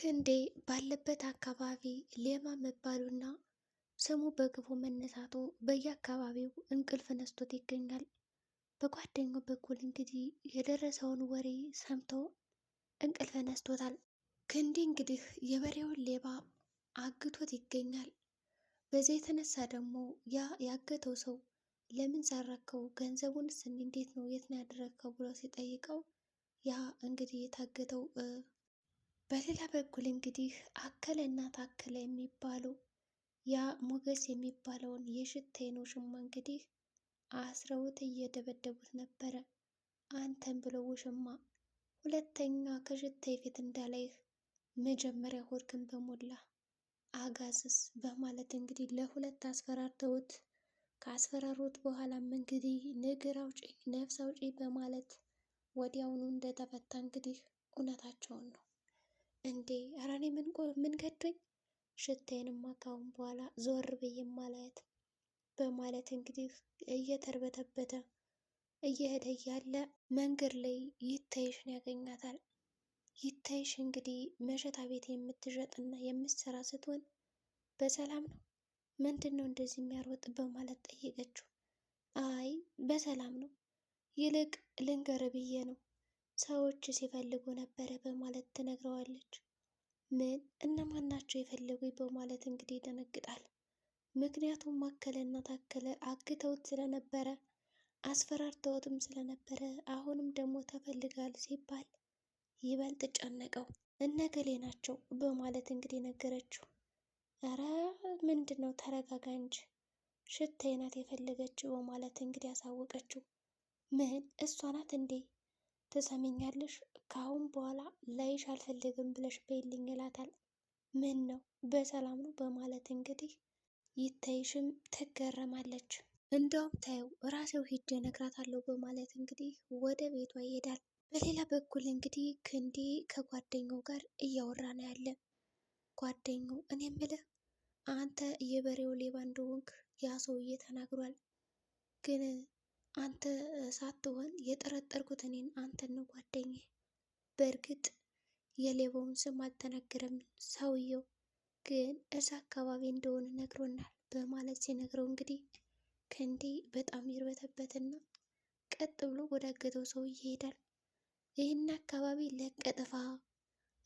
ክንዴ ባለበት አካባቢ ሌባ መባሉና ስሙ በክፉ መነሳቱ በየአካባቢው እንቅልፍ ነስቶት ይገኛል። በጓደኛው በኩል እንግዲህ የደረሰውን ወሬ ሰምቶ እንቅልፍ ነስቶታል። ክንዴ እንግዲህ የበሬውን ሌባ አግቶት ይገኛል። በዚህ የተነሳ ደግሞ ያ ያገተው ሰው ለምን ሰረከው? ገንዘቡንስ እንዴት ነው የት ነው ያደረግከው? ብሎ ሲጠይቀው ያ እንግዲህ የታገተው በሌላ በኩል እንግዲህ እና ታከለ የሚባሉ ያ ሞገስ የሚባለውን የሽቴኑ ውሽማ እንግዲህ አስረውት እየደበደቡት ነበረ። አንተን ብሎ ውሽማ ሁለተኛ ከሽታ ፊት እንዳላይህ መጀመሪያ ሆድክን በሞላ አጋዝስ በማለት እንግዲህ ለሁለት አስፈራርተውት ካስፈራሩት በኋላም እንግዲህ ንግር አውጪ ነፍስ አውጪ በማለት ወዲያውኑ እንደተፈታ እንግዲህ እውነታቸውን ነው። እንዴ ኧረ እኔ ምን ምን ገዶኝ ሽታዬንማ ካሁን በኋላ ዞር ብዬ ማላያት በማለት እንግዲህ እየተርበተበተ እየሄደ ያለ መንገድ ላይ ይታይሽን ያገኛታል። ይታይሽ እንግዲህ መሸታ ቤት የምትሸጥ እና የምትሰራ ስትሆን በሰላም ነው ምንድን ነው እንደዚህ የሚያሮጥ በማለት ጠየቀችው። አይ በሰላም ነው ይልቅ ልንገር ብዬ ነው ሰዎች ሲፈልጉ ነበረ በማለት ትነግረዋለች። ምን እነማን ናቸው የፈለጉኝ በማለት እንግዲህ ይደነግጣል። ምክንያቱም እና ታከለ አግተውት ስለነበረ አስፈራርተውትም ስለነበረ አሁንም ደግሞ ተፈልጋል ሲባል ይበልጥ ጨነቀው። እነገሌ ናቸው በማለት እንግዲህ ነገረችው። ኧረ ምንድን ነው ተረጋጋ እንጂ ሽታዬ ናት የፈለገችው በማለት እንግዲህ አሳወቀችው ምን እሷ ናት እንዴ ትሰሚኛለሽ? ከአሁን በኋላ ላይሽ አልፈልግም ብለሽ በይልኝ ይላታል። ምን ነው በሰላም ነው በማለት እንግዲህ ይታይሽም ትገረማለች። እንደውም ታየው ራሴው ሂጄ እነግራታለሁ በማለት እንግዲህ ወደ ቤቷ ይሄዳል። በሌላ በኩል እንግዲህ ክንዴ ከጓደኛው ጋር እያወራ ነው ያለ። ጓደኛው እኔ የምልህ አንተ የበሬው ሌባ እንደሆንክ ያ ሰውዬ ተናግሯል ግን አንተ ሳትሆን የጠረጠርኩት እኔን አንተን ጓደኝ። በእርግጥ የሌባውን ስም አልተናገረም ሰውየው ግን እዛ አካባቢ እንደሆነ ነግሮናል በማለት ሲነግረው እንግዲህ ክንዴ በጣም ይርበተበትና ቀጥ ብሎ ወዳገተው ሰው ይሄዳል። ይህን አካባቢ ለቀጥፋ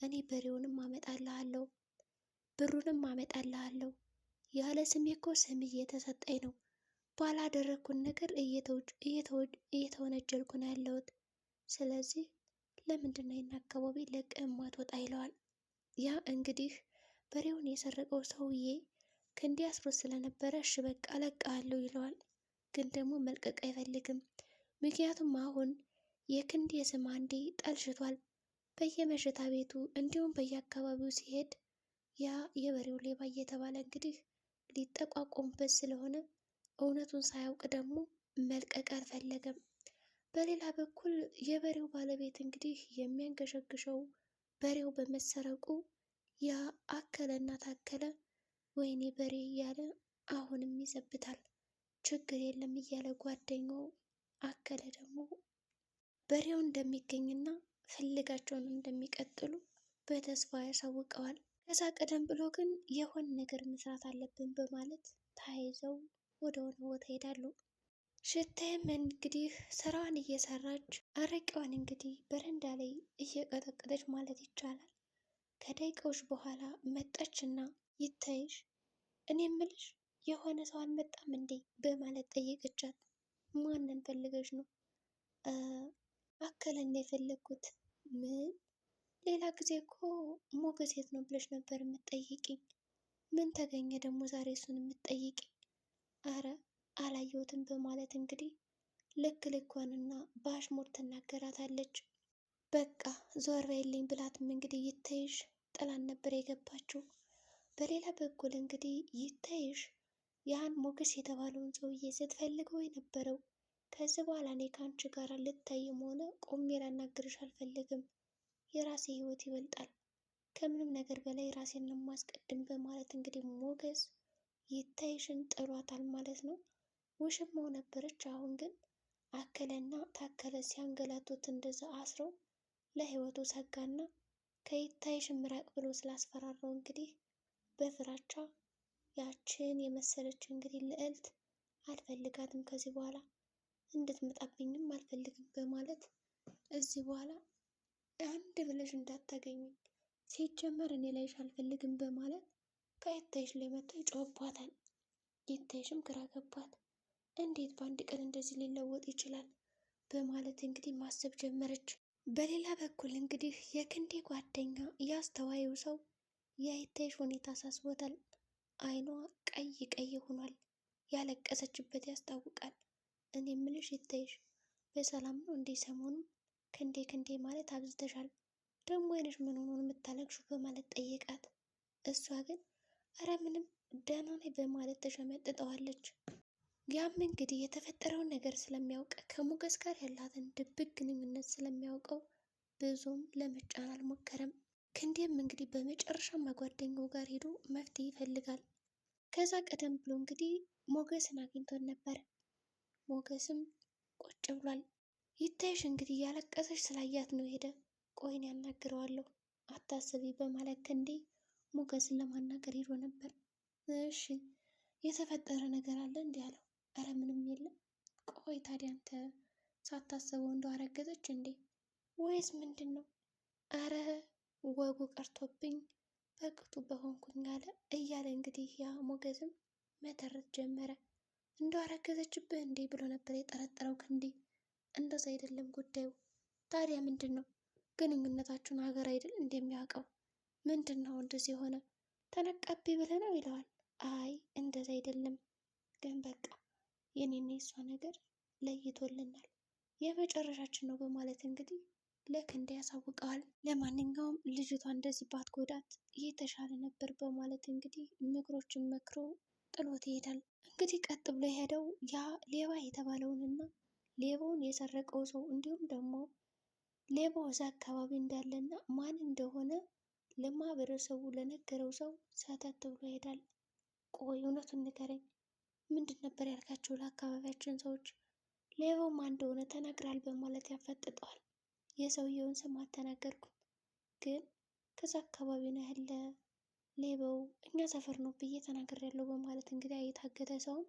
እኔ በሬውንም አመጣልሃለሁ፣ ብሩንም አመጣልሃለሁ። ያለ ስሜ እኮ ስም እየተሰጠኝ ነው ባላደረግኩን ነገር እየተወነጀልኩ ነው ያለሁት። ስለዚህ ለምንድን ነው ይህን አካባቢ ለቀህ የማትወጣ ይለዋል። ያ እንግዲህ በሬውን የሰረቀው ሰውዬ ክንዴ አስሮ ስለነበረ እሺ በቃ እለቅሃለሁ ይለዋል። ግን ደግሞ መልቀቅ አይፈልግም። ምክንያቱም አሁን የክንዴ ስም አንዴ ጠልሽቷል። በየመሸታ ቤቱ እንዲሁም በየአካባቢው ሲሄድ ያ የበሬው ሌባ እየተባለ እንግዲህ ሊጠቋቆምበት ስለሆነ እውነቱን ሳያውቅ ደግሞ መልቀቅ አልፈለገም። በሌላ በኩል የበሬው ባለቤት እንግዲህ የሚያንገሸግሸው በሬው በመሰረቁ ያ እና ታከለ ወይኔ በሬ እያለ አሁንም ይዘብታል። ችግር የለም እያለ ጓደኛው አከለ ደግሞ በሬው እንደሚገኝና ፍለጋቸውን እንደሚቀጥሉ በተስፋ ያሳውቀዋል። ከዛ ቀደም ብሎ ግን የሆነ ነገር መስራት አለብን በማለት ተያይዘው ወደ ሆነ ቦታ ይሄዳሉ። ሽታዬም እንግዲህ ስራዋን እየሰራች አረቂዋን እንግዲህ በረንዳ ላይ እየቀጠቀጠች ማለት ይቻላል። ከደቂቃዎች በኋላ መጣች እና ይታይሽ፣ እኔ እምልሽ የሆነ ሰው አልመጣም እንዴ በማለት ጠየቀቻት። ማንን ፈልገሽ ነው? አከለን የፈለግኩት። ምን? ሌላ ጊዜ እኮ የት ነው ብለሽ ነበር የምትጠይቂኝ። ምን ተገኘ ደግሞ ዛሬ እሱን የምትጠይቂኝ? አረ አላየሁትም በማለት እንግዲህ ልክ ልኳንና በአሽሙር ትናገራታለች። በቃ ዞር በይልኝ ብላትም እንግዲህ ይታይሽ ጥላን ነበር የገባችው። በሌላ በኩል እንግዲህ ይታይሽ ያን ሞገስ የተባለውን ሰውዬ ስትፈልገው የነበረው ከዚህ በኋላ እኔ ከአንቺ ጋር ልታይም ሆነ ቆሜ ላናግርሽ አልፈልግም። የራሴ ህይወት ይበልጣል ከምንም ነገር በላይ ራሴን ማስቀድም በማለት እንግዲህ ሞገስ ይታይሽን ጥሏታል ማለት ነው። ውሽማው ነበረች። አሁን ግን አከለና ታከለ ሲያንገላቱት እንደዛ አስረው ለህይወቱ ሰጋና ከይታይሽን ምራቅ ብሎ ስላስፈራራው እንግዲህ በፍራቻ ያችን የመሰለች እንግዲህ ልዕልት አልፈልጋትም ከዚህ በኋላ እንድትመጣብኝም አልፈልግም በማለት እዚህ በኋላ አንድ ብለሽ እንዳታገኝ ሲጀመር እኔ ላይሽ አልፈልግም በማለት ከእታይሽ ላይ መጥቶ ይጮህባታል። ይታይሽም ግራ ገባት። እንዴት በአንድ ቀን እንደዚህ ሊለወጥ ይችላል? በማለት እንግዲህ ማሰብ ጀመረች። በሌላ በኩል እንግዲህ የክንዴ ጓደኛ ያስተዋዩ ሰው የእታይሽ ሁኔታ አሳስቦታል። አይኗ ቀይ ቀይ ሆኗል። ያለቀሰችበት ያስታውቃል። እኔ ምልሽ ይታይሽ በሰላም ነው እንዴ? ሰሞኑን ክንዴ ክንዴ ማለት አብዝተሻል። ደግሞ አይነሽ ምን ሆኖ የምታለቅሹ በማለት ጠየቃት። እሷ ግን እረ ምንም ደህና ነኝ በማለት ተሸመጥጠዋለች። ያም እንግዲህ የተፈጠረውን ነገር ስለሚያውቅ ከሞገስ ጋር ያላትን ድብቅ ግንኙነት ስለሚያውቀው ብዙም ለመጫን አልሞከረም። ክንዴም እንግዲህ በመጨረሻ ማጓደኛው ጋር ሄዶ መፍትሄ ይፈልጋል። ከዛ ቀደም ብሎ እንግዲህ ሞገስን አግኝቶን ነበር። ሞገስም ቁጭ ብሏል። ይታይሽ እንግዲህ እያለቀሰች ስላያት ነው ሄደ። ቆይን ያናግረዋለሁ አታስቢ በማለት ክንዴ ሞገስን ለማናገር ሄዶ ነበር። እሺ የተፈጠረ ነገር አለ እንዲህ አለው። እረ ምንም የለም። ቆይ ታዲያ አንተ ሳታስበው እንደው አረገዘች እንዴ ወይስ ምንድን ነው? አረ ወጉ ቀርቶብኝ በቅጡ በሆንኩኝ አለ እያለ እንግዲህ ያ ሞገስም መተረት ጀመረ። እንደው አረገዘችብህ እንዴ ብሎ ነበር የጠረጠረው ክንዴ። እንደዛ አይደለም ጉዳዩ። ታዲያ ምንድን ነው? ግንኙነታችሁን ሀገር አይደል እንደሚያውቀው ምንድን ነው እንደዚህ የሆነ ተነቃቢ ብለህ ነው ይለዋል። አይ እንደዛ አይደለም ግን በቃ የኔና የሷ ነገር ለይቶልናል፣ የመጨረሻችን ነው በማለት እንግዲህ ለክንዴ ያሳውቀዋል። ለማንኛውም ልጅቷ እንደዚህ ባትጎዳት የተሻለ ነበር በማለት እንግዲህ ምክሮችን መክሮ ጥሎት ይሄዳል። እንግዲህ ቀጥ ብሎ የሄደው ያ ሌባ የተባለውንና ሌባውን የሰረቀው ሰው እንዲሁም ደግሞ ሌባው እዛ አካባቢ እንዳለና ማን እንደሆነ ለማህበረሰቡ ለነገረው ሰው ሰተት ብሎ ይሄዳል። ቆይ እውነቱን ንገረኝ፣ ምንድን ነበር ያልካቸው ለአካባቢያችን ሰዎች? ሌባው ማን እንደሆነ ተናግራል በማለት ያፈጥጠዋል። የሰውየውን ስም አልተናገርኩም ግን ከዛ አካባቢ ነው ያለ ሌባው እኛ ሰፈር ነው ብዬ ያለው በማለት እንግዲህ የታገተ ሰውም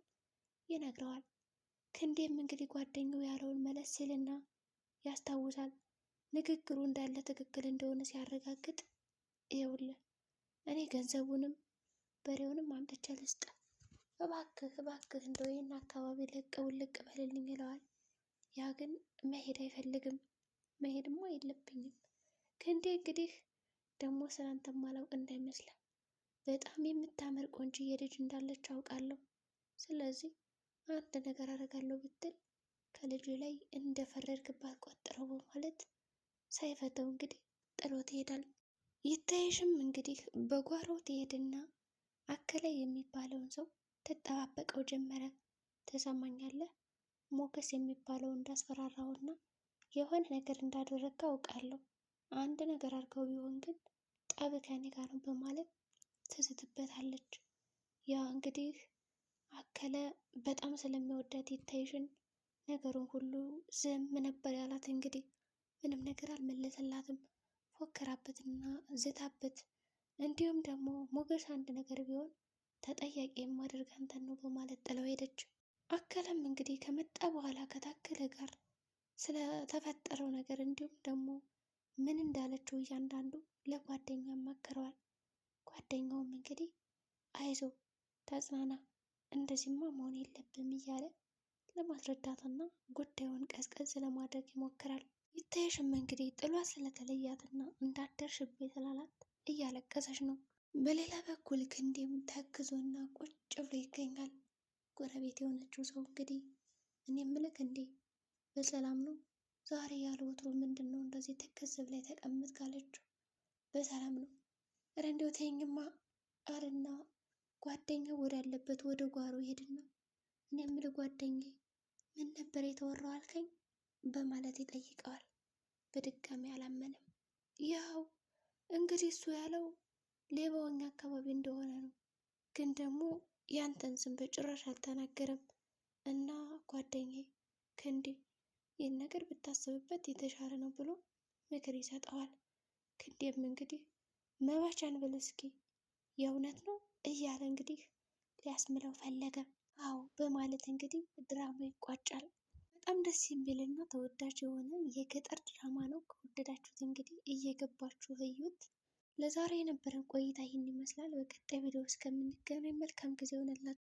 ይነግረዋል። ክንዴም እንግዲህ ጓደኛው ያለውን መለስ ሲልና ያስታውሳል። ንግግሩ እንዳለ ትክክል እንደሆነ ሲያረጋግጥ ይኸውልህ እኔ ገንዘቡንም በሬውንም አምጥቼ ልስጥ፣ እባክህ እባክህ እንደው ይህን አካባቢ ለቅ ውልቅ በልልኝ ይለዋል። ያ ግን መሄድ አይፈልግም። መሄድማ የለብኝም ክንዴ እንግዲህ ደግሞ ስላንተ ማላውቅ እንዳይመስልህ በጣም የምታምር ቆንጅዬ ልጅ እንዳለች አውቃለሁ። ስለዚህ አንድ ነገር አደርጋለሁ ብትል ከልጁ ላይ እንደፈረድክባት ቆጥረው በማለት ሳይፈተው እንግዲህ ጥሎት ይሄዳል። ይታይሽም እንግዲህ በጓሮ ትሄድና አከለ የሚባለውን ሰው ትጠባበቀው ጀመረ። ተሰማኛለህ ሞገስ የሚባለው እንዳስፈራራውና የሆነ ነገር እንዳደረግከ አውቃለሁ። አንድ ነገር አድርገው ቢሆን ግን ጠብ ከኔ ጋር ነው በማለት ትዝትበታለች። ያ እንግዲህ አከለ በጣም ስለሚወዳት ይታይሽን ነገሩን ሁሉ ዝም ነበር ያላት። እንግዲህ ምንም ነገር አልመለሰላትም። ፎከራበትና ዝታበት እንዲሁም ደግሞ ሞገስ አንድ ነገር ቢሆን ተጠያቂ የማደርግ አንተን ነው በማለት ጥለው ሄደች። አከለም እንግዲህ ከመጣ በኋላ ከታከለ ጋር ስለተፈጠረው ነገር እንዲሁም ደግሞ ምን እንዳለችው እያንዳንዱ ለጓደኛ መከረዋል። ጓደኛውም እንግዲህ አይዞ ተጽናና፣ እንደዚህማ መሆን የለብም እያለ ለማስረዳትና ጉዳዩን ቀዝቀዝ ለማድረግ ይሞክራል። ይታየሽም እንግዲህ ጥሏ ስለተለያትና እንዳደርሽብኝ ስላላት እያለቀሰች ነው። በሌላ በኩል ክንዴም ተክዞና ቁጭ ብሎ ይገኛል። ጎረቤት የሆነችው ሰው እንግዲህ እኔ ምልክ ክንዴ በሰላም ነው ዛሬ ያለ ወትሮ ምንድን ነው እንደዚህ ትክዝ ብላ ተቀምጥ ካለችው በሰላም ነው ኧረ እንዲያው አልና ጓደኛው ወዳለበት ወደ ጓሮ ሄድና እኔ የምልህ ጓደኛ ምን ነበር የተወራው አልከኝ? በማለት ይጠይቀዋል። በድጋሚ አላመንም። ያው እንግዲህ እሱ ያለው ሌባው እኛ አካባቢ እንደሆነ ነው፣ ግን ደግሞ ያንተን ስም በጭራሽ አልተናገረም። እና ጓደኛዬ ክንዴ ይህን ነገር ብታስብበት የተሻለ ነው ብሎ ምክር ይሰጠዋል። ክንዴም እንግዲህ መባቻን ብል እስኪ የእውነት ነው እያለ እንግዲህ ሊያስምለው ፈለገ። አዎ በማለት እንግዲህ ድራማ ይቋጫል። በጣም ደስ የሚል እና ተወዳጅ የሆነ የገጠር ድራማ ነው። ከወደዳችሁት እንግዲህ እየገባችሁ እዩት። ለዛሬ የነበረን ቆይታ ይህን ይመስላል። በቀጣይ ቪዲዮ እስከምንገናኝ መልካም ጊዜ ይሆንላችሁ።